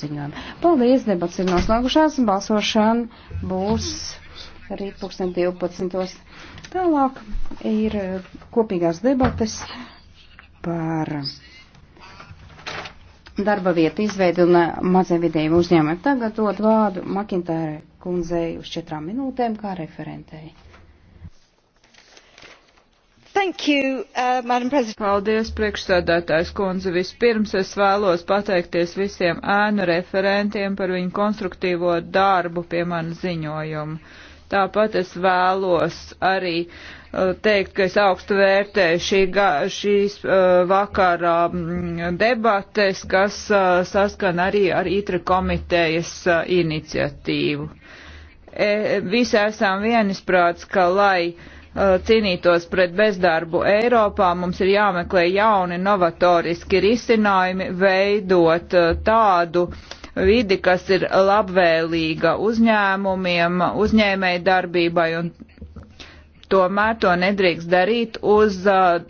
ziņojumu. Paldies, debats ir noslēgušās, balsošana būs rīt 2012. Tālāk ir kopīgās debates par darba vietu izveidu un maziem vidējiem uzņēmumiem. Tagad dod vārdu Makintāre kundzei uz četrām minūtēm kā referentei. You, uh, Paldies, priekšsēdētājs kundze. Vispirms es vēlos pateikties visiem ēnu referentiem par viņu konstruktīvo darbu pie mana ziņojuma. Tāpat es vēlos arī uh, teikt, ka es augstu vērtēju šī ga, šīs uh, vakarā m, mm, debates, kas uh, saskan arī ar ITRA komitejas uh, iniciatīvu. E, visi esam vienisprāts, ka lai Uh, cīnītos pret bezdarbu Eiropā, mums ir jāmeklē jauni novatoriski risinājumi, veidot uh, tādu vidi, kas ir labvēlīga uzņēmumiem, uzņēmēji darbībai, un tomēr to nedrīkst darīt uz uh,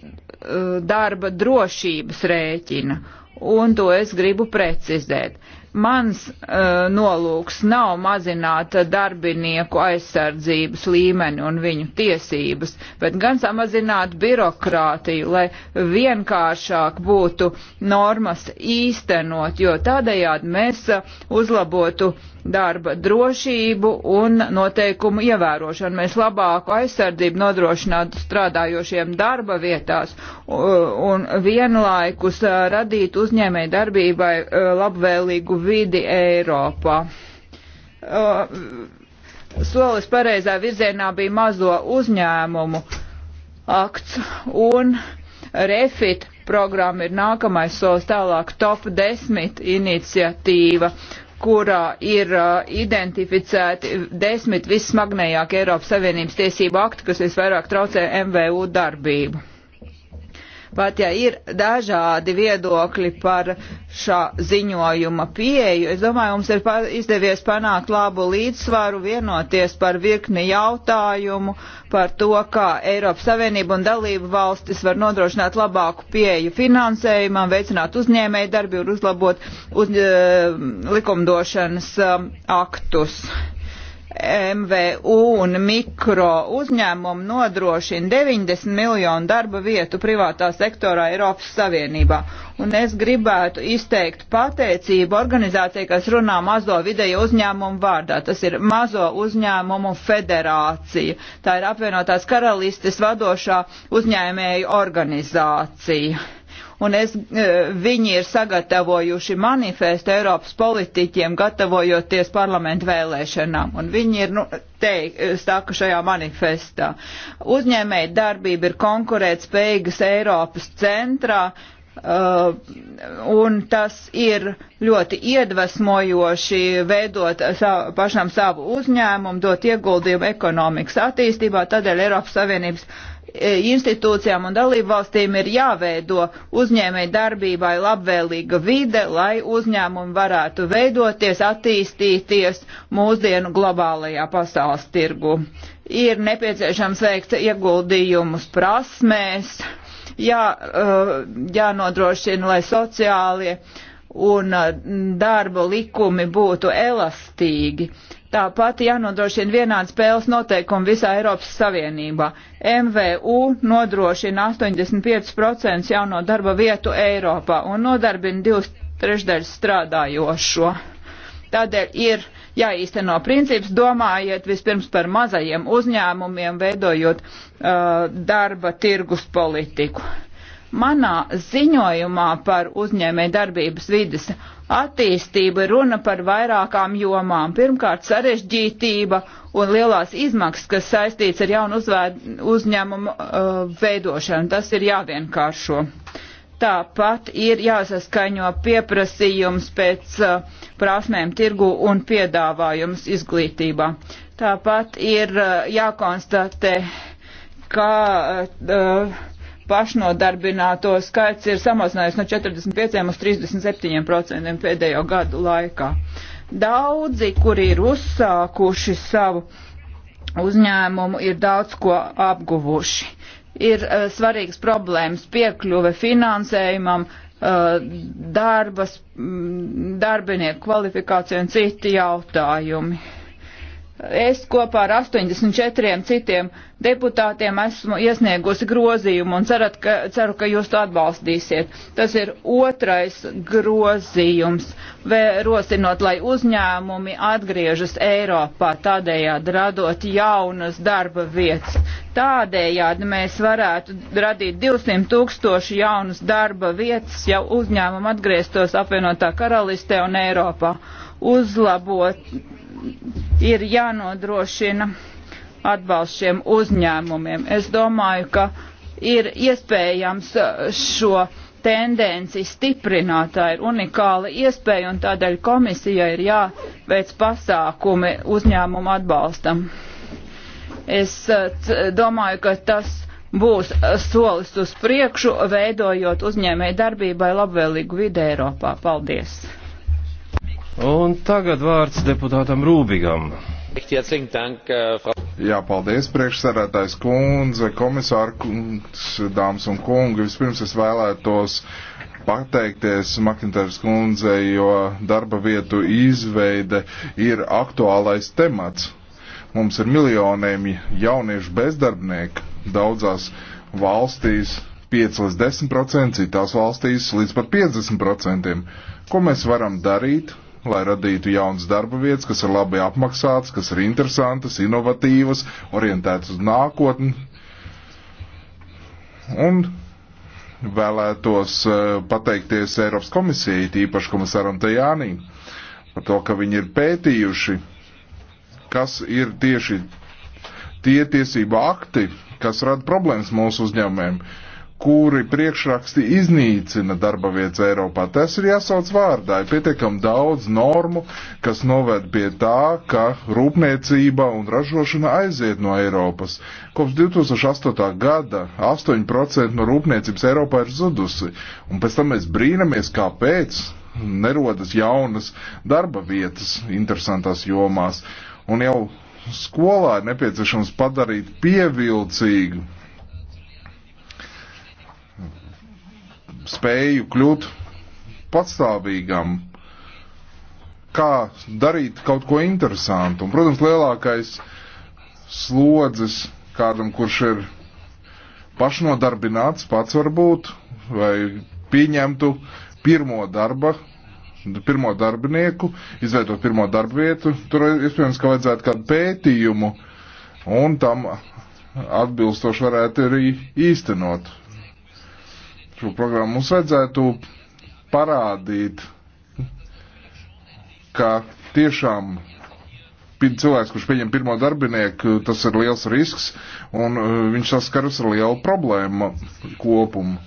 darba drošības rēķina. Un to es gribu precizēt. Mans uh, nolūks nav mazināt darbinieku aizsardzības līmeni un viņu tiesības, bet gan samazināt birokrātiju, lai vienkāršāk būtu normas īstenot, jo tādējādi mēs uh, uzlabotu darba drošību un noteikumu ievērošanu. Mēs labāku aizsardzību nodrošinātu strādājošiem darba vietās un vienlaikus eh, radītu uzņēmēju darbībai labvēlīgu vidi Eiropā. Uh, solis pareizā virzienā bija mazo uzņēmumu akts un refit programma ir nākamais solis tālāk top 10 iniciatīva kurā ir uh, identificēti desmit vissmagnējākie Eiropas Savienības tiesību akti, kas visvairāk traucē MVU darbību. Pat ja ir dažādi viedokļi par šā ziņojuma pieeju, es domāju, mums ir izdevies panākt labu līdzsvaru, vienoties par virkni jautājumu, par to, kā Eiropas Savienība un dalību valstis var nodrošināt labāku pieeju finansējumam, veicināt uzņēmēju darbību, uzlabot uz, uh, likumdošanas uh, aktus. MVU un mikro uzņēmumu nodrošina 90 miljonu darba vietu privātā sektorā Eiropas Savienībā. Un es gribētu izteikt pateicību organizācijai, kas runā mazo vidēju uzņēmumu vārdā. Tas ir Mazo uzņēmumu federācija. Tā ir apvienotās karalistes vadošā uzņēmēju organizācija un es, e, viņi ir sagatavojuši manifestu Eiropas politiķiem, gatavojoties parlamentu vēlēšanām, un viņi ir nu, teik, e, stāku šajā manifestā. Uzņēmēji darbība ir konkurētspējīgas Eiropas centrā, Uh, un tas ir ļoti iedvesmojoši veidot savu, pašam savu uzņēmumu, dot ieguldījumu ekonomikas attīstībā. Tādēļ Eiropas Savienības e, institūcijām un dalību valstīm ir jāveido uzņēmēji darbībai labvēlīga vide, lai uzņēmumi varētu veidoties, attīstīties mūsdienu globālajā pasaules tirgu. Ir nepieciešams veikt ieguldījumus prasmēs, jā, uh, jānodrošina, lai sociālie un uh, darba likumi būtu elastīgi. Tāpat jānodrošina vienāds spēles noteikumi visā Eiropas Savienībā. MVU nodrošina 85% jauno darba vietu Eiropā un nodarbina divas trešdaļas strādājošo. Tādēļ ir uh, jāīsteno princips, domājiet vispirms par mazajiem uzņēmumiem, veidojot uh, darba tirgus politiku. Manā ziņojumā par uzņēmē darbības vidas attīstību runa par vairākām jomām. Pirmkārt, sarežģītība un lielās izmaksas, kas saistīts ar jaunu uzņēmumu uh, veidošanu. Tas ir jāvienkāršo. Uh, Tāpat ir jāsaskaņo pieprasījums pēc uh, prasmēm tirgu un piedāvājums izglītībā. Tāpat ir uh, jākonstatē, ka uh, pašnodarbināto skaits ir samazinājies no 45 uz 37 procentiem pēdējo gadu laikā. Daudzi, kuri ir uzsākuši savu uzņēmumu, ir daudz ko apguvuši ir uh, svarīgas problēmas piekļuve finansējumam, uh, darbas, darbinieku kvalifikācija un citi jautājumi. Es kopā ar 84 citiem deputātiem esmu iesniegusi grozījumu un cerat, ka, ceru, ka jūs to atbalstīsiet. Tas ir otrais grozījums, rosinot, lai uzņēmumi atgriežas Eiropā, tādējādi radot jaunas darba vietas. Tādējādi mēs varētu radīt 200 tūkstoši jaunas darba vietas, ja uzņēmumi atgrieztos apvienotā karalistē un Eiropā uzlabot ir jānodrošina atbalsts šiem uzņēmumiem. Es domāju, ka ir iespējams uh, šo tendenci stiprināt, tā ir unikāla iespēja un tādēļ komisijai ir jāveic pasākumi uzņēmumu atbalstam. Es uh, domāju, ka tas būs uh, solis uz priekšu, veidojot uzņēmēju darbībai labvēlīgu vidi Eiropā. Paldies! Un tagad vārds deputātam Rūbigam. Jā, paldies, priekšsarētājs kundze, komisāra kungs, dāmas un kungi. Vispirms es vēlētos pateikties Makintāras kundzei, jo darba vietu izveide ir aktuālais temats. Mums ir miljoniem jauniešu bezdarbnieku daudzās valstīs, 5 līdz 10%, citās valstīs līdz pat 50%. Ko mēs varam darīt, lai radītu jaunas darba vietas, kas ir labi apmaksātas, kas ir interesantas, inovatīvas, orientētas uz nākotni. Un vēlētos eh, pateikties Eiropas komisijai, tīpaši komisaram Tajānī, par to, ka viņi ir pētījuši, kas ir tieši tie tiesība akti, kas rada problēmas mūsu uzņēmumiem. Uh, kuri priekšraksti iznīcina darba vietas Eiropā. Tas ir jāsauc vārdā. Ir pietiekami daudz normu, kas noved pie tā, ka rūpniecība un ražošana aiziet no Eiropas. Kopš 2008. gada 8% no rūpniecības Eiropā ir zudusi. Un pēc tam mēs brīnamies, kāpēc nerodas jaunas darba vietas interesantās jomās. Un jau skolā ir nepieciešams padarīt pievilcīgu spēju kļūt patstāvīgam, kā darīt kaut ko interesantu. Un, protams, lielākais slodzes kādam, kurš ir pašnodarbināts pats varbūt, vai pieņemtu pirmo darba, pirmo darbinieku, izveidot pirmo darba vietu, tur iespējams, ka vajadzētu kādu pētījumu un tam atbilstoši varētu arī īstenot šo programmu. Mums vajadzētu parādīt, ka tiešām cilvēks, kurš pieņem pirmo darbinieku, tas ir liels risks, un uh, viņš saskaras ar lielu problēmu kopumu.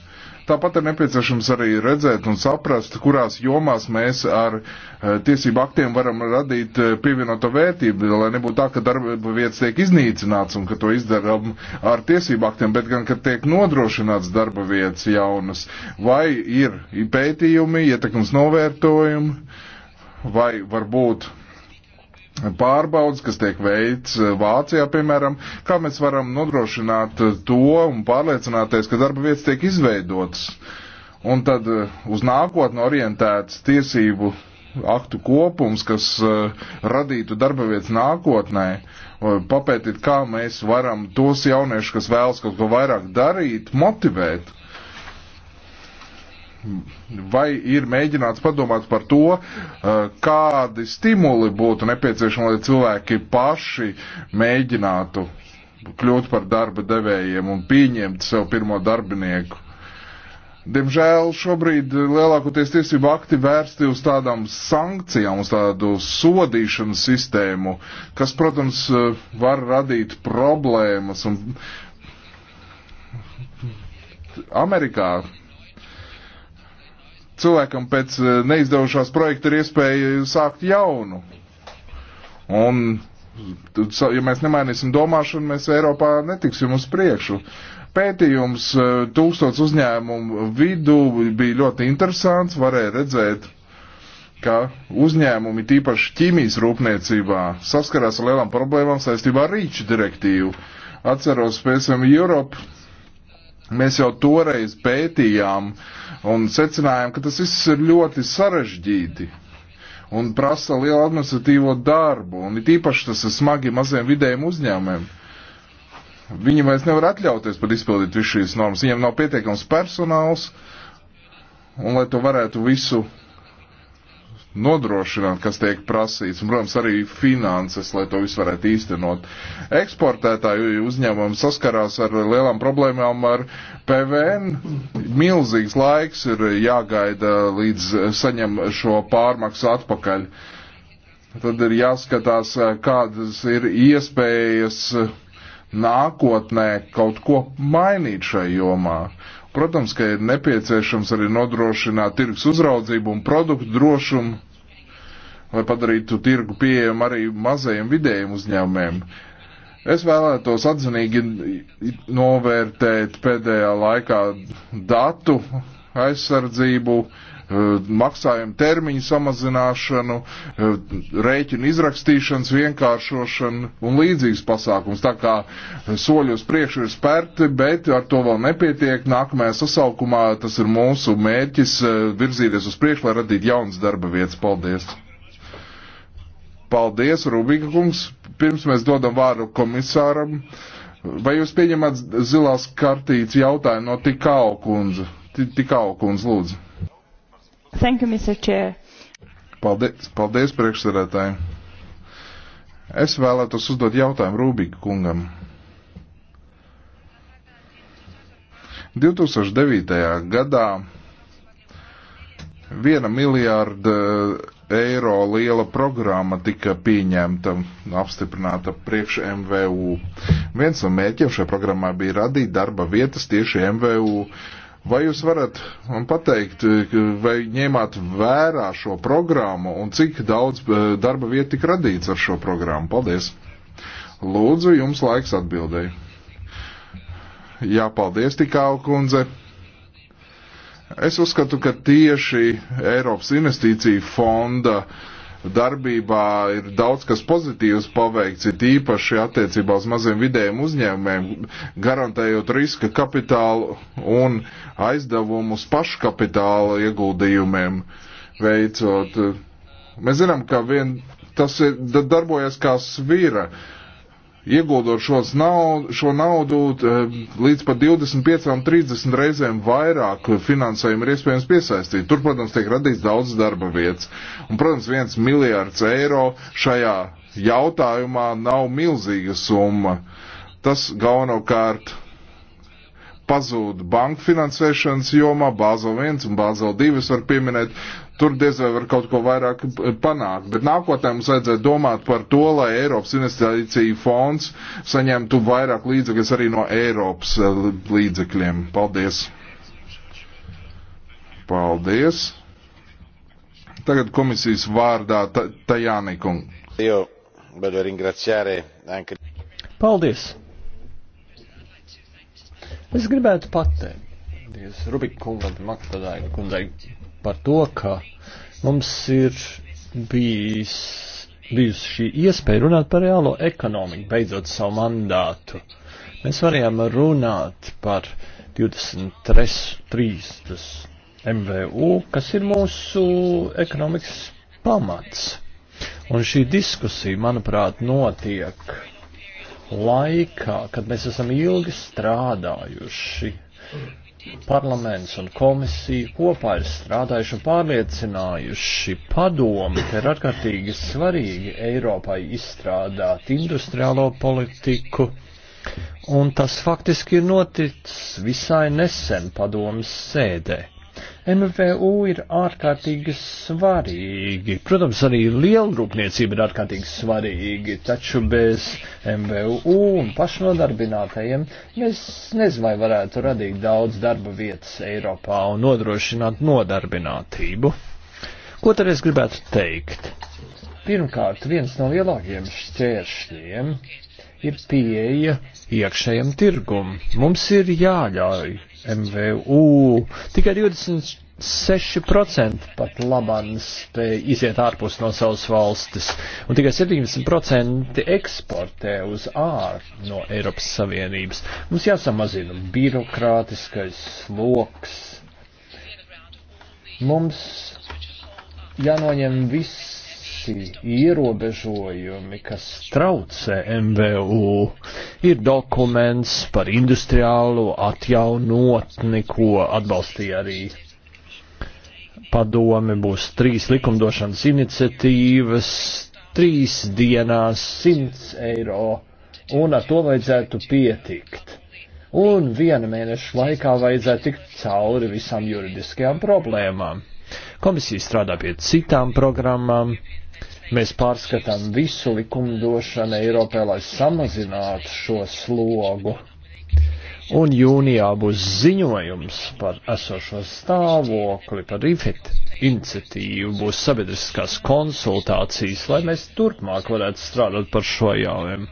Tāpat ir nepieciešams arī redzēt un saprast, kurās jomās mēs ar eh, tiesību aktiem varam radīt eh, pievienoto vērtību, lai nebūtu tā, ka darba vietas tiek iznīcināts un ka to izdarām ar tiesību aktiem, bet gan, ka tiek nodrošināts darba vietas jaunas. Vai ir pētījumi, ietekmes novērtojumi, vai varbūt pārbaudas, kas tiek veikts eh, Vācijā, piemēram, kā mēs varam nodrošināt eh, to un pārliecināties, ka darba vietas tiek izveidotas. Un tad eh, uz nākotnu orientēts tiesību aktu kopums, kas radītu darba vietas nākotnē, papētīt, kā mēs varam tos jauniešus, kas vēlas kaut ko vairāk darīt, motivēt vai ir mēģināts padomāt par to, eh, kādi stimuli būtu nepieciešami, lai cilvēki paši mēģinātu kļūt par darba devējiem un pieņemt sev pirmo darbinieku. Diemžēl šobrīd lielākoties tiesību akti vērsti uz tādām sankcijām, uz tādu sodīšanas sistēmu, kas, protams, var radīt problēmas. Un Amerikā cilvēkam pēc eh, neizdevušās projekta ir iespēja sākt jaunu. Un, ja mēs nemainīsim domāšanu, mēs Eiropā netiksim uz priekšu. Pētījums eh, tūkstots uzņēmumu vidū bija ļoti interesants, varēja redzēt, ka uzņēmumi tīpaši ķīmijas rūpniecībā saskarās ar lielām problēmām saistībā ar rīču direktīvu. Atceros, PSM Europe, mēs jau toreiz pētījām uh, un secinājām, ka tas viss ir ļoti sarežģīti un prasa lielu administratīvo darbu, un it īpaši tas ir smagi maziem vidējiem uzņēmumiem. Viņi vairs nevar atļauties pat izpildīt visu šīs normas, viņiem nav pietiekams personāls, un lai to varētu visu nodrošināt, kas tiek prasīts, un, protams, arī finanses, lai to visu varētu īstenot. Eksportētāju uzņēmumi saskarās ar lielām problēmām ar PVN. Milzīgs laiks ir jāgaida, līdz saņem šo pārmaksu atpakaļ. Tad ir jāskatās, kādas ir iespējas nākotnē kaut ko mainīt šai jomā. Uh, Protams, ka ir nepieciešams arī nodrošināt tirgus uzraudzību un produktu drošumu, lai padarītu tirgu pieejamu arī mazajiem vidējiem uzņēmumiem. Es vēlētos atzinīgi novērtēt pēdējā laikā datu aizsardzību, uh, Eh, maksājumu termiņu samazināšanu, eh, rēķinu izrakstīšanas vienkāršošanu un līdzīgas pasākums. Tā kā soļi uz priekšu ir spērti, bet ar to vēl nepietiek. Nākamajā sasaukumā tas ir mūsu mērķis eh, virzīties uz priekšu, lai radītu jaunas darba vietas. Paldies! Paldies, Rubīga kungs. Pirms mēs dodam vārdu komisāram. Vai jūs pieņemat zilās kartītes jautājumu no Tikau kundze? Tikau kundze, lūdzu. Thank you, Mr. Chair. Paldies, paldies priekšsēdētāji. Es vēlētos uzdot jautājumu Rūbīga kungam. 2009. gadā viena miljārda eiro liela programma tika pieņemta, apstiprināta priekš MVU. Viens no mērķiem šajā programmā bija radīt darba vietas tieši MVU. Uh, Vai jūs varat man pateikt, vai ņēmāt vērā šo programmu un cik daudz eh, darba vietu tika radīts ar šo programmu? Paldies! Lūdzu, jums laiks atbildēji. Jā, paldies tikau, kundze. Es uzskatu, ka tieši Eiropas investīcija fonda uh, darbībā ir daudz kas pozitīvs paveikts, ir īpaši attiecībā uz maziem vidējiem uzņēmumiem, garantējot riska kapitālu un aizdevumus paškapitāla ieguldījumiem veicot. Mēs zinām, ka vien tas ir, darbojas kā svīra. Uh, ieguldot šos naudu, šo naudu eh, līdz pat 25-30 reizēm vairāk finansējumu ir iespējams piesaistīt. Tur, protams, tiek radīts daudz darba vietas. Un, protams, viens miljārds eiro šajā jautājumā nav milzīga summa. Tas galvenokārt pazūd banku finansēšanas jomā, Bāzel 1 un Bāzel 2 var pieminēt, Tur diez vai var kaut ko vairāk panākt, bet nākotnē mums vajadzētu domāt par to, lai Eiropas investīcija fonds saņemtu vairāk līdzekļus arī no Eiropas eh, līdzekļiem. Paldies! Paldies! Tagad komisijas vārdā Tajānikum. Paldies! Es gribētu pateikt, Rubik kungam, Maktadai kundzei par to, ka mums ir bijis, bijusi šī iespēja runāt par reālo ekonomiku, beidzot savu mandātu. Mēs varējām runāt par 23 MVU, kas ir mūsu ekonomikas pamats. Un šī diskusija, manuprāt, notiek laikā, kad mēs esam ilgi strādājuši parlaments un komisija kopā ir strādājuši un pārliecinājuši padomi, ka ir ārkārtīgi svarīgi Eiropai izstrādāt industriālo politiku. Un tas faktiski ir noticis visai nesen padomas sēdē. MVU ir ārkārtīgi svarīgi. Protams, arī lielrūpniecība ir ārkārtīgi svarīgi, taču bez MVU un pašnodarbinātajiem mēs nezinu, vai varētu radīt daudz darba vietas Eiropā un nodrošināt nodarbinātību. Ko tad es gribētu teikt? Pirmkārt, viens no lielākajiem šķēršļiem ir pieeja iekšējam tirgum. Mums ir jāļauj MVU. Tikai 26% pat labāk spēj iziet ārpus no savas valstis, un tikai 17% eksportē uz ārpu no Eiropas Savienības. Mums jāsamazina birokrātiskais sloks. Mums jānoņem viss visi ierobežojumi, kas traucē MVU, ir dokuments par industriālo atjaunotni, ko atbalstīja arī padome. Būs trīs likumdošanas iniciatīvas, trīs dienās, simts eiro, un ar to vajadzētu pietikt un viena mēneša laikā vajadzētu tikt cauri visām juridiskajām problēmām. Komisija strādā pie citām programmām, Mēs pārskatām visu likumdošanu Eiropā, lai samazinātu šo slogu. Un jūnijā būs ziņojums par esošo stāvokli, par IFIT iniciatīvu, būs sabiedriskās konsultācijas, lai mēs turpmāk varētu strādāt par šo jautājumu.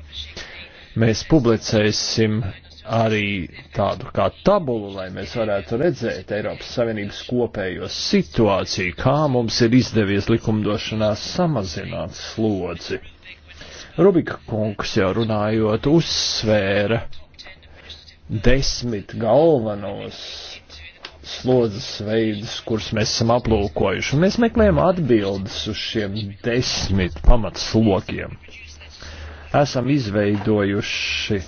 Mēs publicēsim arī tādu kā tabulu, lai mēs varētu redzēt Eiropas Savienības kopējo situāciju, kā mums ir izdevies likumdošanā samazināt slodzi. Rubika kungs jau runājot uzsvēra desmit galvenos slodzes veidus, kurus mēs esam aplūkojuši, un mēs meklējam atbildes uz šiem desmit pamatslokiem. Esam izveidojuši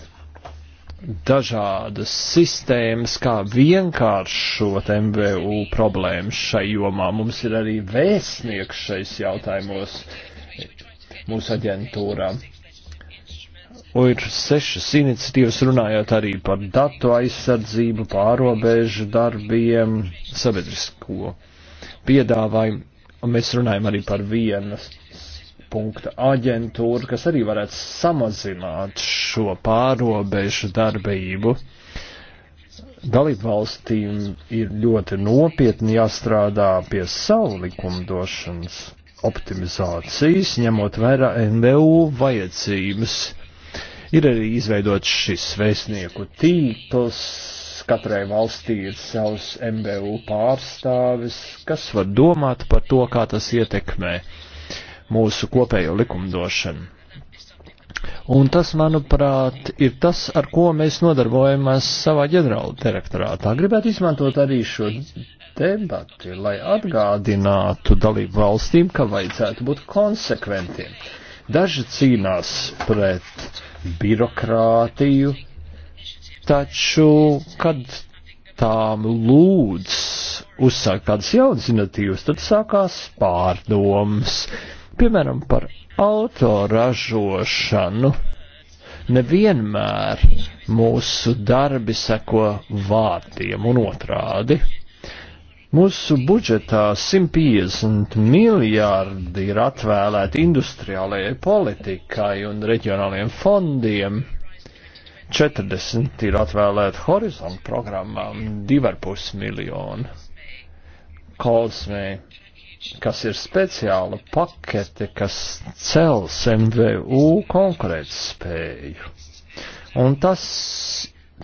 dažādas sistēmas, kā vienkāršot MVU problēmas šai jomā. Mums ir arī vēstnieks šais jautājumos mūsu aģentūrā. Un ir sešas iniciatīvas runājot arī par datu aizsardzību, pārobežu darbiem, sabiedrisko piedāvājumu. Un mēs runājam arī par vienas punkta aģentūra, kas arī varētu samazināt šo pārobežu darbību. Dalību valstīm ir ļoti nopietni jāstrādā pie savu likumdošanas optimizācijas, ņemot vērā NVU vajadzības. Ir arī izveidots šis vēstnieku tīkls, katrai valstī ir savs MBU pārstāvis, kas var domāt par to, kā tas ietekmē mūsu kopējo likumdošanu. Un tas, manuprāt, ir tas, ar ko mēs nodarbojamies savā ģenerāla direktorātā. Gribētu izmantot arī šo debati, lai atgādinātu dalību valstīm, ka vajadzētu būt konsekventiem. Daži cīnās pret birokrātiju, taču, kad tām lūdz uzsākt kādas jaunas iniciatīvas, tad sākās pārdomas. Piemēram, par autoražošanu nevienmēr mūsu darbi seko vārdiem un otrādi. Mūsu budžetā 150 miljārdi ir atvēlēti industriālajai politikai un reģionāliem fondiem. 40 ir atvēlēti horizontu programmām, 2,5 miljoni. Kolsmē kas ir speciāla pakete, kas cels MVU konkurētspēju. Un tas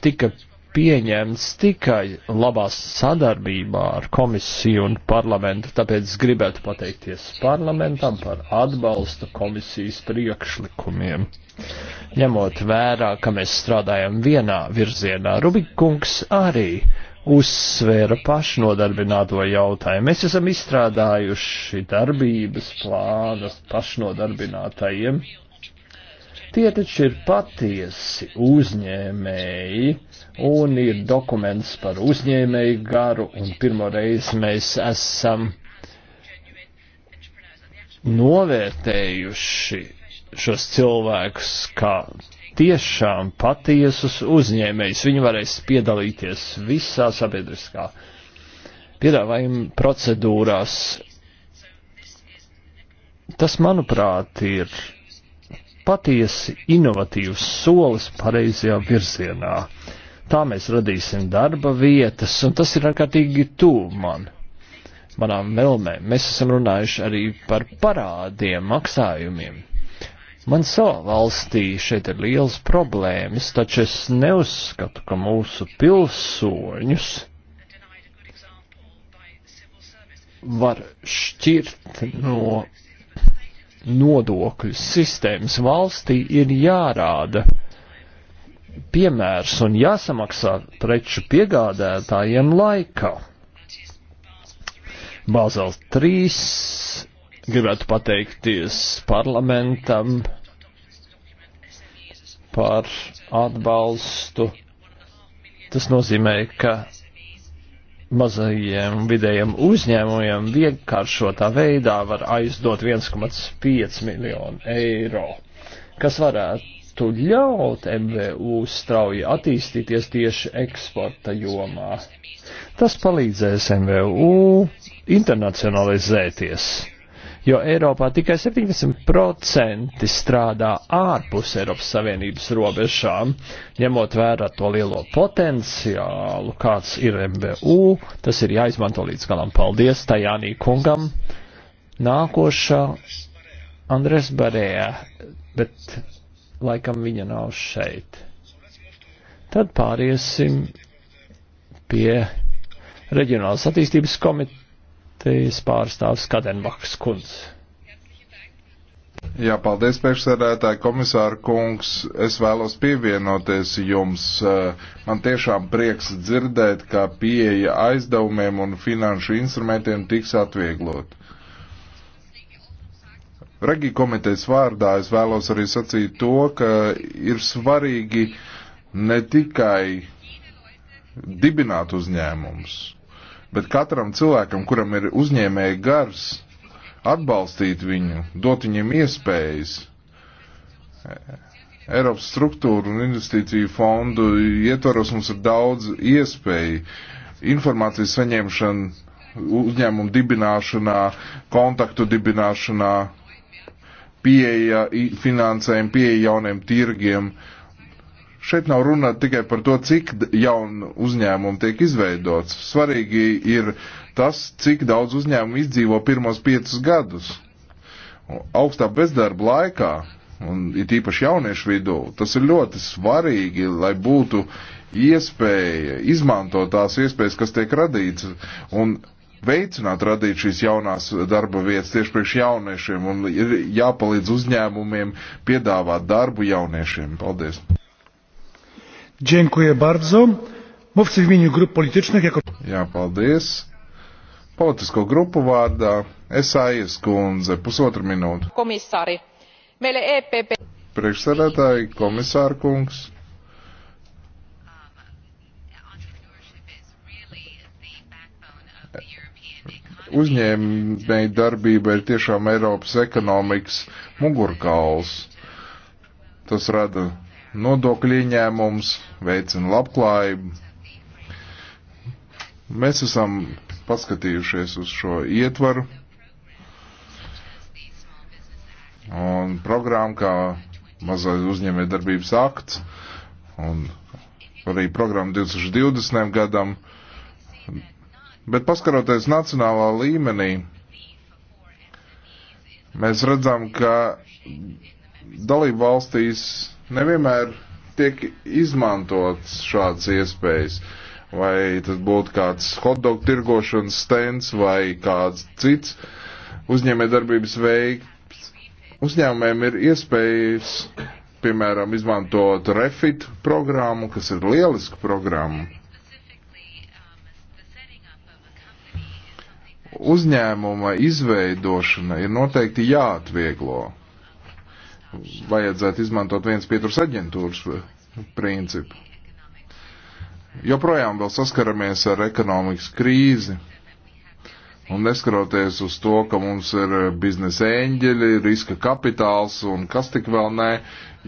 tika pieņemts tikai labās sadarbībā ar komisiju un parlamentu, tāpēc gribētu pateikties parlamentam par atbalstu komisijas priekšlikumiem. Ņemot vērā, ka mēs strādājam vienā virzienā, Rubikungs arī uzsvēra pašnodarbināto jautājumu. Mēs esam izstrādājuši darbības plānas pašnodarbinātajiem. Tie taču ir patiesi uzņēmēji un ir dokuments par uzņēmēju garu un pirmoreiz mēs esam novērtējuši šos cilvēkus kā tiešām patiesus uzņēmējus. Viņi varēs piedalīties visā sabiedriskā piedāvājuma procedūrās. Tas, manuprāt, ir patiesi inovatīvs solis pareizajā virzienā. Tā mēs radīsim darba vietas, un tas ir ārkārtīgi tuvu man, manām melmēm. Mēs esam runājuši arī par parādiem, maksājumiem Man savā valstī šeit ir liels problēmas, taču es neuzskatu, ka mūsu pilsoņus var šķirt no nodokļu sistēmas. Valstī ir jārāda piemērs un jāsamaksā preču piegādētājiem laikā. Bāzels 3 gribētu pateikties parlamentam par atbalstu. Tas nozīmē, ka mazajiem vidējiem uzņēmumiem vienkāršotā veidā var aizdot 1,5 miljonu eiro, kas varētu ļaut MVU strauji attīstīties tieši eksporta jomā. Tas palīdzēs MVU internacionalizēties jo Eiropā tikai 70% strādā ārpus Eiropas Savienības robežām, ņemot vērā to lielo potenciālu, kāds ir MBU, tas ir jāizmanto līdz galam. Paldies Tajānī kungam. Nākošā Andres Barējā, bet laikam viņa nav šeit. Tad pāriesim pie reģionālas attīstības komitejas partijas pārstāvs Kadenbachs kundz. Jā, paldies, priekšsēdētāji, komisāra kungs. Es vēlos pievienoties jums. Man tiešām prieks dzirdēt, ka pieeja aizdevumiem un finanšu instrumentiem tiks atvieglot. Regi komitejas vārdā es vēlos arī sacīt to, ka ir svarīgi ne tikai dibināt uzņēmumus, Bet katram cilvēkam, kuram ir uzņēmēja gars, atbalstīt viņu, dot viņiem iespējas. Eiropas struktūru un investīciju fondu ietvaros mums ir daudz iespēju. Informācijas saņemšana, uzņēmumu dibināšanā, kontaktu dibināšanā, pieeja finansējumu, pieeja jauniem tirgiem Šeit nav runa tikai par to, cik jaunu uzņēmumu tiek izveidots. Svarīgi ir tas, cik daudz uzņēmumu izdzīvo pirmos piecus gadus. Augstā bezdarba laikā, un it īpaši jauniešu vidū, tas ir ļoti svarīgi, lai būtu iespēja izmantot tās iespējas, kas tiek radītas, un veicināt radīt šīs jaunās darba vietas tieši priekš jauniešiem un ir jāpalīdz uzņēmumiem piedāvāt darbu jauniešiem. Paldies! Dziękuję bardzo. Mówcy w imieniu grup politycznych jako... Jā, paldies. Politisko grupu vārdā Esājas kundze, pusotru minūtu. Komisāri, meile EPP... Priekšsēdētāji, komisāra kungs. Uzņēmēji darbība ir tiešām Eiropas ekonomikas mugurkauls. Tas rada nodokļu ieņēmums, veicina labklājību. Mēs esam paskatījušies uz šo ietvaru un programmu kā mazais uzņēmē darbības akts un arī programmu 2020. gadam. Bet paskaroties nacionālā līmenī, mēs redzam, ka dalību valstīs nevienmēr tiek izmantots šādas iespējas. Vai tas būtu kāds hotdog tirgošanas stends vai kāds cits uzņēmē darbības veids. Uzņēmumiem ir iespējas, piemēram, izmantot refit programmu, kas ir lieliska programma. Uzņēmuma izveidošana ir noteikti jāatvieglo vajadzētu izmantot viens pieturs aģentūras principu. Joprojām vēl saskaramies ar ekonomikas krīzi. Un neskaroties uz to, ka mums ir biznesa eņģeļi, riska kapitāls un kas tik vēl nē,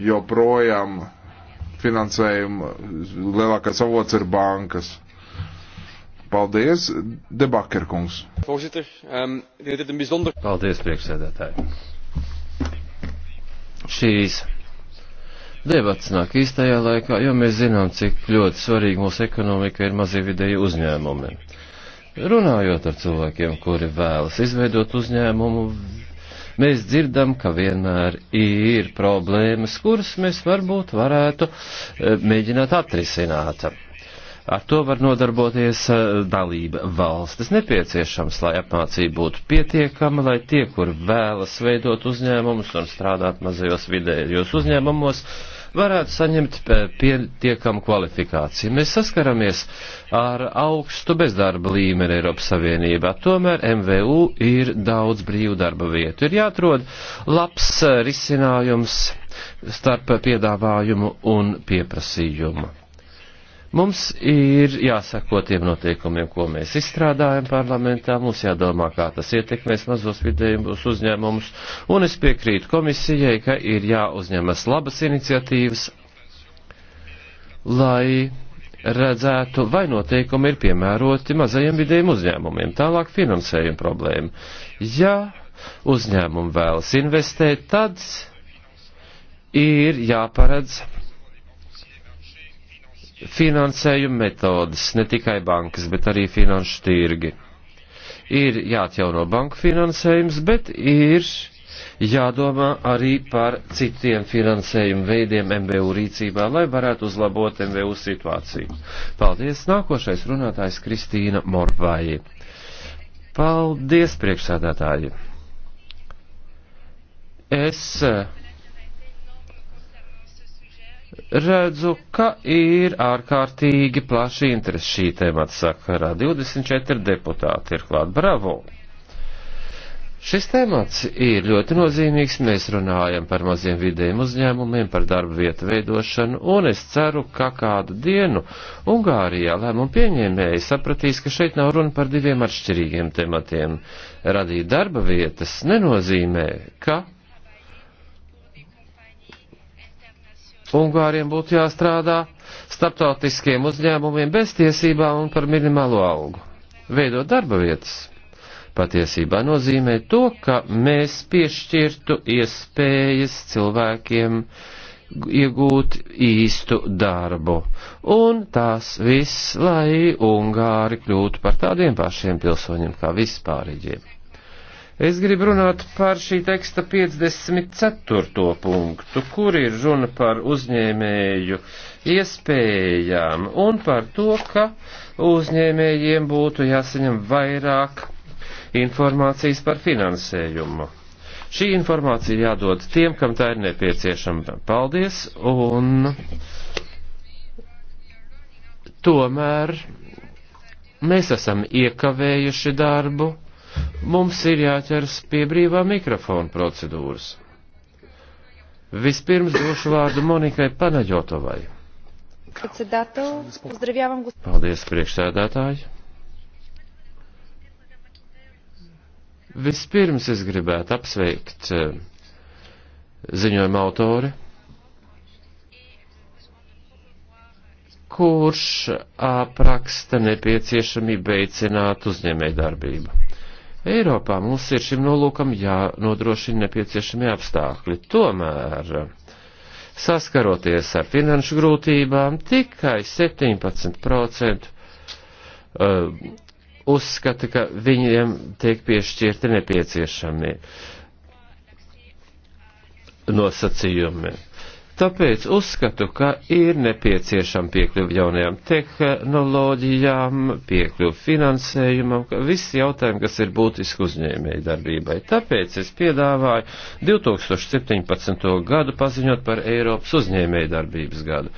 joprojām finansējuma lielākais avots ir bankas. Paldies, Debakerkungs. Ehm, Paldies, priekšsēdētāji šīs debats nāk īstajā laikā, jo mēs zinām, cik ļoti svarīgi mūsu ekonomika ir mazie vidēji uzņēmumi. Runājot ar cilvēkiem, kuri vēlas izveidot uzņēmumu, mēs dzirdam, ka vienmēr ir problēmas, kuras mēs varbūt varētu eh, mēģināt atrisināt. Ar to var nodarboties eh, dalība valstis. Nepieciešams, lai apmācība būtu pietiekama, lai tie, kur vēlas veidot uzņēmumus un strādāt mazajos vidējos uzņēmumos, varētu saņemt eh, pietiekamu kvalifikāciju. Mēs saskaramies ar augstu bezdarba līmeni Eiropas Savienībā. Tomēr MVU ir daudz brīvu darba vietu. Ir jāatrod labs eh, risinājums starp piedāvājumu un pieprasījumu. Mums ir jāsako tiem noteikumiem, ko mēs izstrādājam parlamentā, mums jādomā, kā tas ietekmēs mazos vidējumus uzņēmumus, un es piekrītu komisijai, ka ir jāuzņemas labas iniciatīvas, lai redzētu, vai noteikumi ir piemēroti mazajiem vidējiem uzņēmumiem. Tālāk finansējuma problēma. Ja uzņēmumi vēlas investēt, tad ir jāparedz finansējuma metodas, ne tikai bankas, bet arī finanšu tirgi. Ir jāatjauno banku finansējums, bet ir jādomā arī par citiem finansējuma veidiem MBU rīcībā, lai varētu uzlabot MBU situāciju. Paldies! Nākošais runātājs Kristīna Morvāji. Paldies, priekšsādātāji! Es uh, redzu, ka ir ārkārtīgi plaši interesi šī tēmata sakarā. 24 deputāti ir klāt. Bravo! Šis temats ir ļoti nozīmīgs. Mēs runājam par maziem vidējiem uzņēmumiem, par darba vietu veidošanu, un es ceru, ka kādu dienu Ungārijā lēmumu pieņēmēji sapratīs, ka šeit nav runa par diviem atšķirīgiem tematiem. Radīt darba vietas nenozīmē, ka Ungāriem būtu jāstrādā starptautiskiem uzņēmumiem bez tiesībām un par minimālo algu. Veidot darba vietas patiesībā nozīmē to, ka mēs piešķirtu iespējas cilvēkiem iegūt īstu darbu. Un tās viss, lai Ungāri kļūtu par tādiem pašiem pilsoņiem kā vispārīgiem. Es gribu runāt par šī teksta 54. punktu, kur ir runa par uzņēmēju iespējām un par to, ka uzņēmējiem būtu jāsaņem vairāk informācijas par finansējumu. Šī informācija jādod tiem, kam tā ir nepieciešama. Paldies! Un tomēr mēs esam iekavējuši darbu Mums ir jāķers pie brīvā mikrofona procedūras. Vispirms došu vārdu Monikai Panaģotovai. Paldies, priekšsēdētāji! Vispirms es gribētu apsveikt eh, ziņojuma autori, kurš apraksta nepieciešamību veicināt uzņēmējdarbību. Eiropā mums ir šim nolūkam jānodrošina nepieciešamie apstākļi. Tomēr, saskaroties ar finanšu grūtībām, tikai 17% eh, uzskata, ka viņiem tiek piešķirti nepieciešamie nosacījumi. Tāpēc uzskatu, ka ir nepieciešama piekļuva jaunajām tehnoloģijām, piekļuva finansējumam, ka visi jautājumi, kas ir būtiski uzņēmēji darbībai. Tāpēc es piedāvāju 2017. gadu paziņot par Eiropas uzņēmēju darbības gadu.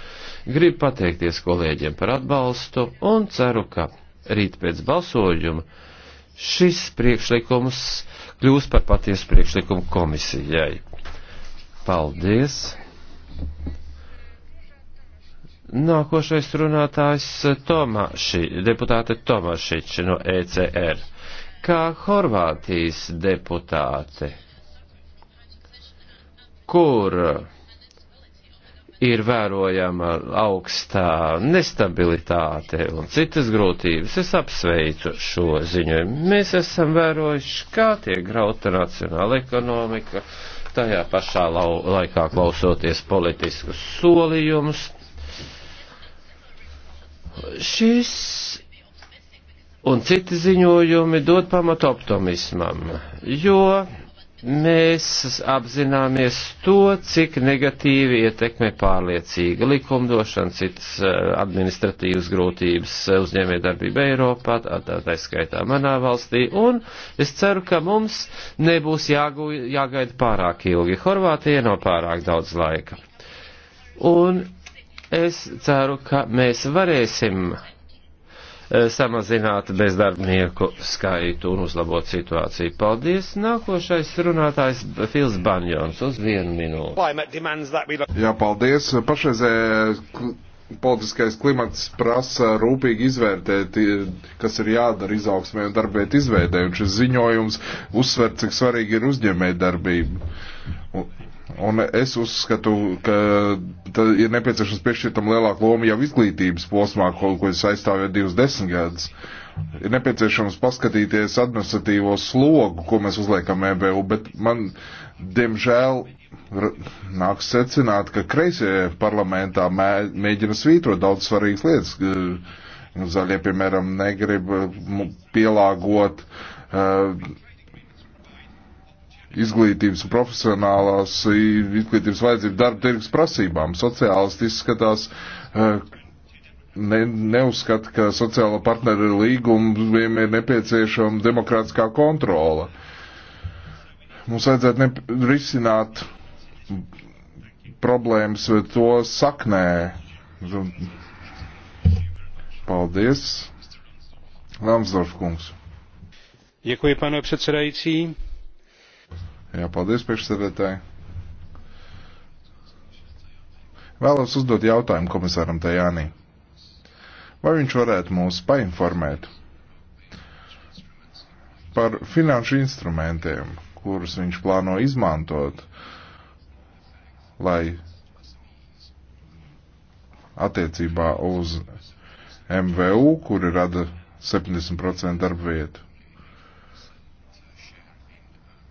Gribu pateikties kolēģiem par atbalstu un ceru, ka rīt pēc balsojuma šis priekšlikums kļūs par patiesu priekšlikumu komisijai. Paldies! Nākošais runātājs Tomaši, deputāte Tomašič no ECR. Kā Horvātijas deputāte, kur ir vērojama augstā nestabilitāte un citas grūtības. Es apsveicu šo ziņojumu. Mēs esam vērojuši, kā tiek grauta nacionāla ekonomika, tajā pašā lau, laikā klausoties politiskus solījumus. Šis un citi ziņojumi dod pamatu optimismam, jo mēs apzināmies to, cik negatīvi ietekmē pārliecīga likumdošana, citas eh, administratīvas grūtības eh, uzņēmējdarbība Eiropā, tādā tā skaitā manā valstī, un es ceru, ka mums nebūs jāgu, jāgaida pārāk ilgi. Horvātija nav pārāk daudz laika. Un es ceru, ka mēs varēsim Eh, samazināt bezdarbnieku skaitu un uzlabot situāciju. Paldies! Nākošais runātājs Fils Banjons uz vienu minūti. Jā, paldies! Pašreizē politiskais klimats prasa rūpīgi izvērtēt, kas ir jādara izaugsmē un darbvietu izveidē, un šis ziņojums uzsver, cik svarīgi ir uzņēmēt darbību. Un Un es uzskatu, ka ir nepieciešams piešķirtam lielāku lomu jau izglītības posmā, ko, ko es aizstāvēju divus desmitgadus. Ir nepieciešams paskatīties administratīvo slogu, ko mēs uzliekam EBU, bet man, diemžēl, nāks secināt, ka kreisie parlamentā mē, mēģina svītrot daudz svarīgas lietas. Zaļie, piemēram, negrib pielāgot uh, izglītības un profesionālās izglītības vajadzību darba tirgus prasībām. Sociālisti izskatās, eh, ne, neuzskata, ka sociāla partneri līgumiem ir nepieciešama demokrātiskā kontrola. Mums vajadzētu risināt problēmas to saknē. Paldies. Lambsdorf kungs. Děkuji, pane předsedající Jā, paldies priekšsēdētāji. Vēlos uzdot jautājumu komisāram Tajānī. Vai viņš varētu mūs painformēt par finanšu instrumentiem, kurus viņš plāno izmantot, lai attiecībā uz MVU, kuri rada 70% darba vietu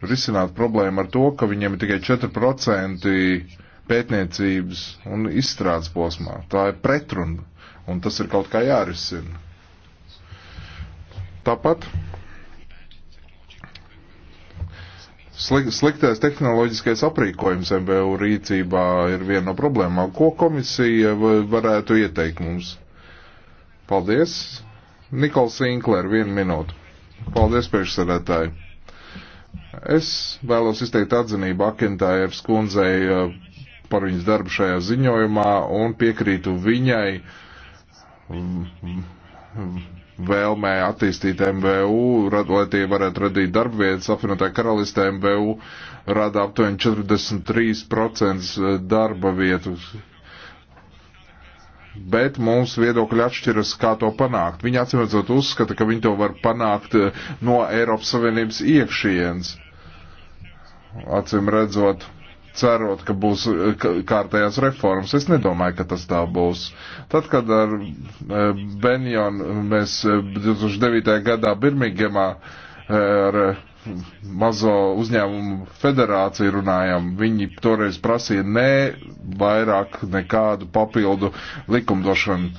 risināt problēmu ar to, ka viņiem ir tikai 4% pētniecības un izstrādes posmā. Tā ir pretruna, un tas ir kaut kā jārisina. Tāpat slik, sliktais tehnoloģiskais aprīkojums MBU rīcībā ir viena no problēmām. Ko komisija varētu ieteikt mums? Paldies! Nikols Sinclair, vienu minūtu. Paldies, priekšsēdētāji! Es vēlos izteikt atzinību Akintājers kundzei eh, par viņas darbu šajā ziņojumā un piekrītu viņai mm, mm, vēlmē attīstīt MVU, lai tie varētu radīt darbvietas. Apvienotāja karalistē MVU rada aptuveni 43% eh, darba vietu bet mums viedokļi atšķiras, kā to panākt. Viņi atsimredzot uzskata, ka viņi to var panākt eh, no Eiropas Savienības iekšienes. Atsimredzot, cerot, ka būs eh, kārtējās reformas. Es nedomāju, ka tas tā būs. Tad, kad ar eh, Benjonu mēs 2009. gadā Birmingemā ar mazo uzņēmumu federāciju runājam, viņi toreiz prasīja ne vairāk nekādu papildu likumdošanu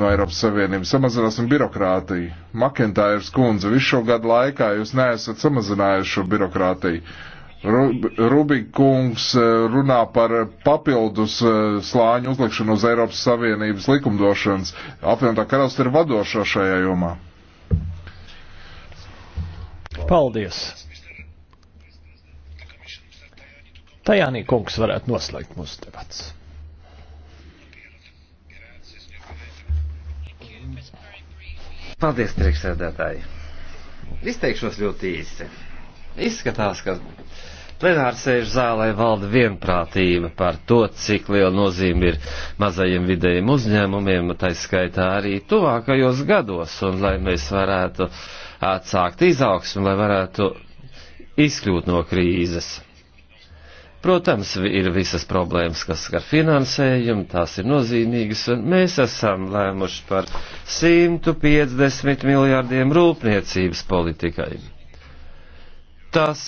no Eiropas Savienības. Samazināsim birokrātiju. Makentājas kundze, visu šo gadu laikā jūs neesat samazinājuši šo birokrātiju. Rubikungs eh, runā par papildus eh, slāņu uzlikšanu uz Eiropas Savienības likumdošanas. Apvienotā karalsts ir vadošā šajā jomā. Paldies! Tajānī kungs varētu noslēgt mūsu debats. Paldies, priekšsēdētāji! Izteikšos ļoti īsi. Izskatās, ka plenāra sēžu zālē valda vienprātība par to, cik liela nozīme ir mazajiem vidējiem uzņēmumiem, tā skaitā arī tuvākajos gados, un lai mēs varētu uh, atsākt izaugsmu, lai varētu izkļūt no krīzes. Protams, ir visas problēmas, kas skar finansējumu, tās ir nozīmīgas, un mēs esam lēmuši par 150 miljārdiem rūpniecības politikai. Tas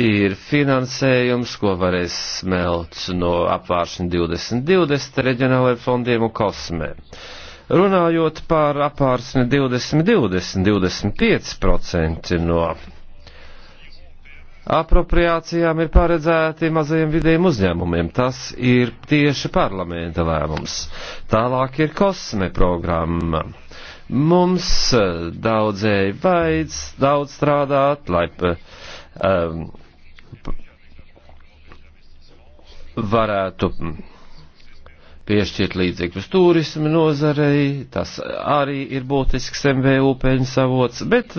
ir finansējums, ko varēs smelt no apvāršņa 2020 reģionālajiem fondiem un kosmēm. Runājot par apārsni 2020, 25% no apropriācijām ir paredzēti mazajiem vidējiem uzņēmumiem. Tas ir tieši parlamenta lēmums. Tālāk ir kosme programma. Mums eh, daudzēji vajadz daudz strādāt, lai um, varētu piešķirt līdzekļus turismu nozarei, tas arī ir būtisks MVU peļņas avots, bet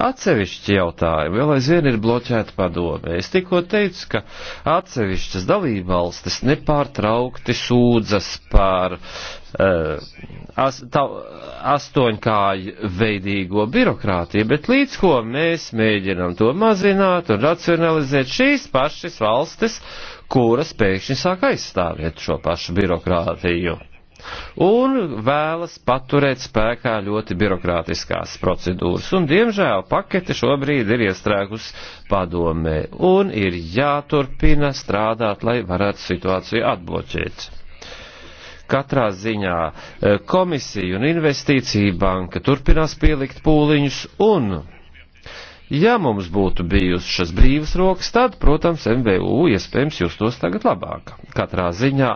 Atsevišķi jautājumi vēl aizvien ir bloķēti padomē. Es tikko teicu, ka atsevišķas dalībvalstis nepārtraukti sūdzas par uh, as, tā, astoņkāju veidīgo birokrātiju, bet līdz ko mēs mēģinam to mazināt un racionalizēt šīs pašas valstis, kuras pēkšņi sāk aizstāvēt šo pašu birokrātiju un vēlas paturēt spēkā ļoti birokrātiskās procedūras. Un, diemžēl, pakete šobrīd ir iestrēgus padomē un ir jāturpina strādāt, lai varētu situāciju atbloķēt. Katrā ziņā eh, komisija un investīcija banka turpinās pielikt pūliņus un Ja mums būtu bijušas brīvas rokas, tad, protams, MVU iespējams justos tagad labāk. Katrā ziņā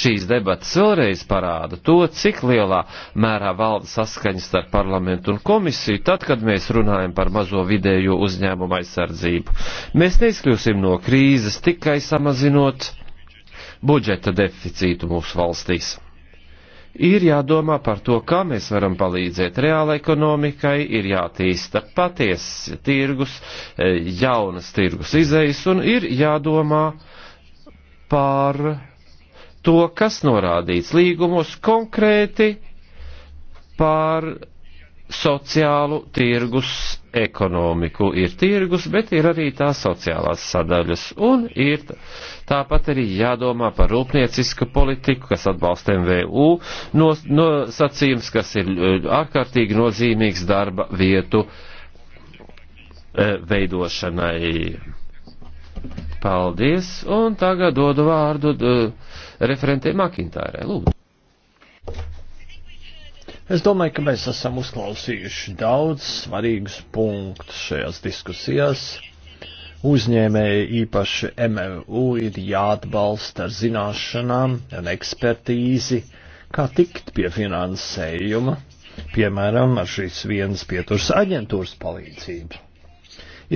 šīs debatas vēlreiz parāda to, cik lielā mērā valda saskaņas starp parlamentu un komisiju, tad, kad mēs runājam par mazo vidējo uzņēmumu aizsardzību. Mēs neizkļūsim no krīzes tikai samazinot budžeta deficītu mūsu valstīs ir jādomā par to, kā mēs varam palīdzēt reāla ekonomikai, ir jātīsta paties tirgus, e, jaunas tirgus izejas un ir jādomā par to, kas norādīts līgumos konkrēti par sociālu tirgus ekonomiku. Ir tirgus, bet ir arī tā sociālās sadaļas. Un ir tāpat arī jādomā par rūpniecisku politiku, kas atbalsta MVU nos, nosacījums, kas ir eh, ārkārtīgi nozīmīgs darba vietu eh, veidošanai. Paldies, un tagad dodu vārdu referentē Makintārai. Lūdzu. Es domāju, ka mēs esam uzklausījuši daudz svarīgus punktus šajās diskusijās. Uzņēmēji īpaši MVU ir jāatbalsta ar zināšanām un ekspertīzi, kā tikt pie finansējuma, piemēram, ar šīs vienas pieturas aģentūras palīdzību.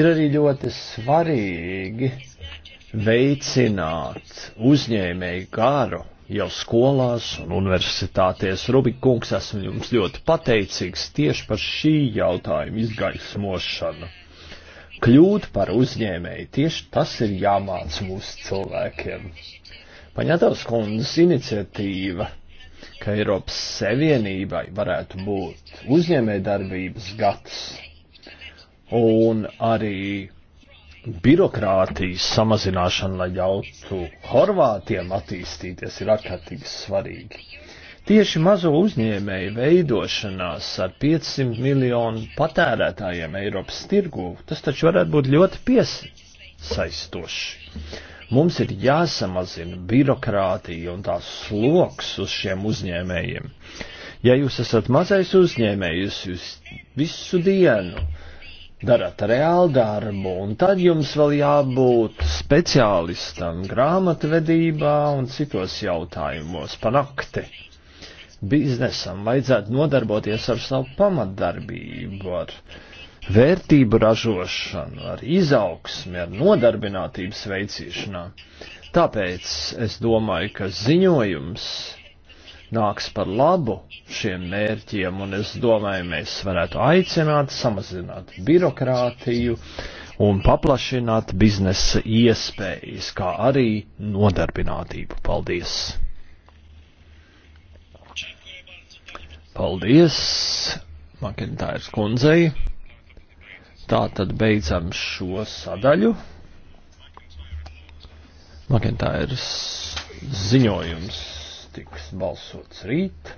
Ir arī ļoti svarīgi veicināt uzņēmēju garu jau skolās un universitātēs. Rubikungs, esmu jums ļoti pateicīgs tieši par šī jautājuma izgaismošanu. Kļūt par uzņēmēju, tieši tas ir jāmāc mūsu cilvēkiem. Paņētavs kundzes iniciatīva, ka Eiropas Savienībai varētu būt uzņēmējdarbības gads un arī birokrātijas samazināšana, lai ļautu Horvātiem attīstīties, ir ārkārtīgi svarīgi. Tieši mazo uzņēmēju veidošanās ar 500 miljonu patērētājiem Eiropas tirgū, tas taču varētu būt ļoti piesaistoši. Mums ir jāsamazina birokrātija un tās sloks uz šiem uzņēmējiem. Ja jūs esat mazais uzņēmējs, jūs visu dienu darat reālu darbu, un tad jums vēl jābūt speciālistam grāmatvedībā un citos jautājumos pa nakti. Biznesam vajadzētu nodarboties ar savu pamatdarbību, ar vērtību ražošanu, ar izaugsmi, ar nodarbinātības veicīšanā. Tāpēc es domāju, ka ziņojums nāks par labu šiem mērķiem, un es domāju, mēs varētu aicināt, samazināt birokrātiju un paplašināt biznesa iespējas, kā arī nodarbinātību. Paldies! Paldies, Makintājas kundzei. Tā tad beidzam šo sadaļu. Makintājas ziņojums tiks balsots rīt.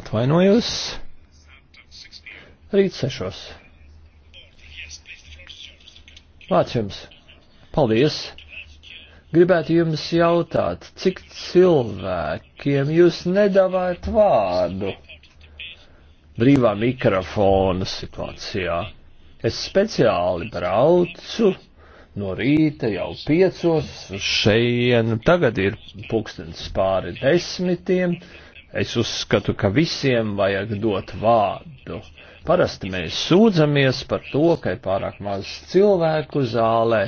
Atvainojos. Rīt sešos. Vārds jums. Paldies! Gribētu jums jautāt, cik cilvēkiem jūs nedavājat vārdu brīvā mikrofona situācijā? Es speciāli braucu no rīta jau piecos uz šejienu, tagad ir pulkstens pāri desmitiem. Uh, Es uzskatu, ka visiem vajag dot vārdu. Parasti mēs sūdzamies par to, ka ir pārāk maz cilvēku zālē,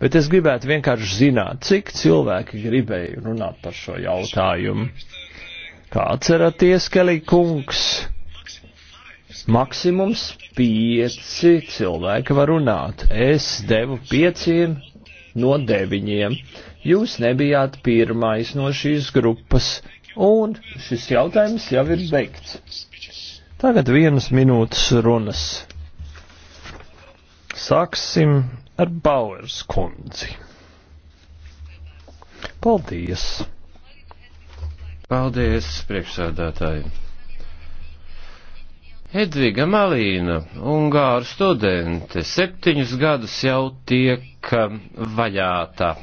bet es gribētu vienkārši zināt, cik cilvēki gribēja runāt par šo jautājumu. Kā atceraties, Kelī kungs? Maksimums pieci cilvēki var runāt. Es devu pieciem no deviņiem. Jūs nebijāt pirmais no šīs grupas, Un šis jautājums jau ir beigts. Tagad vienas minūtes runas. Sāksim ar Bauers kundzi. Paldies! Paldies, priekšsēdētāji! Edviga Malīna, Ungāra studente, septiņus gadus jau tiek um, vaļāta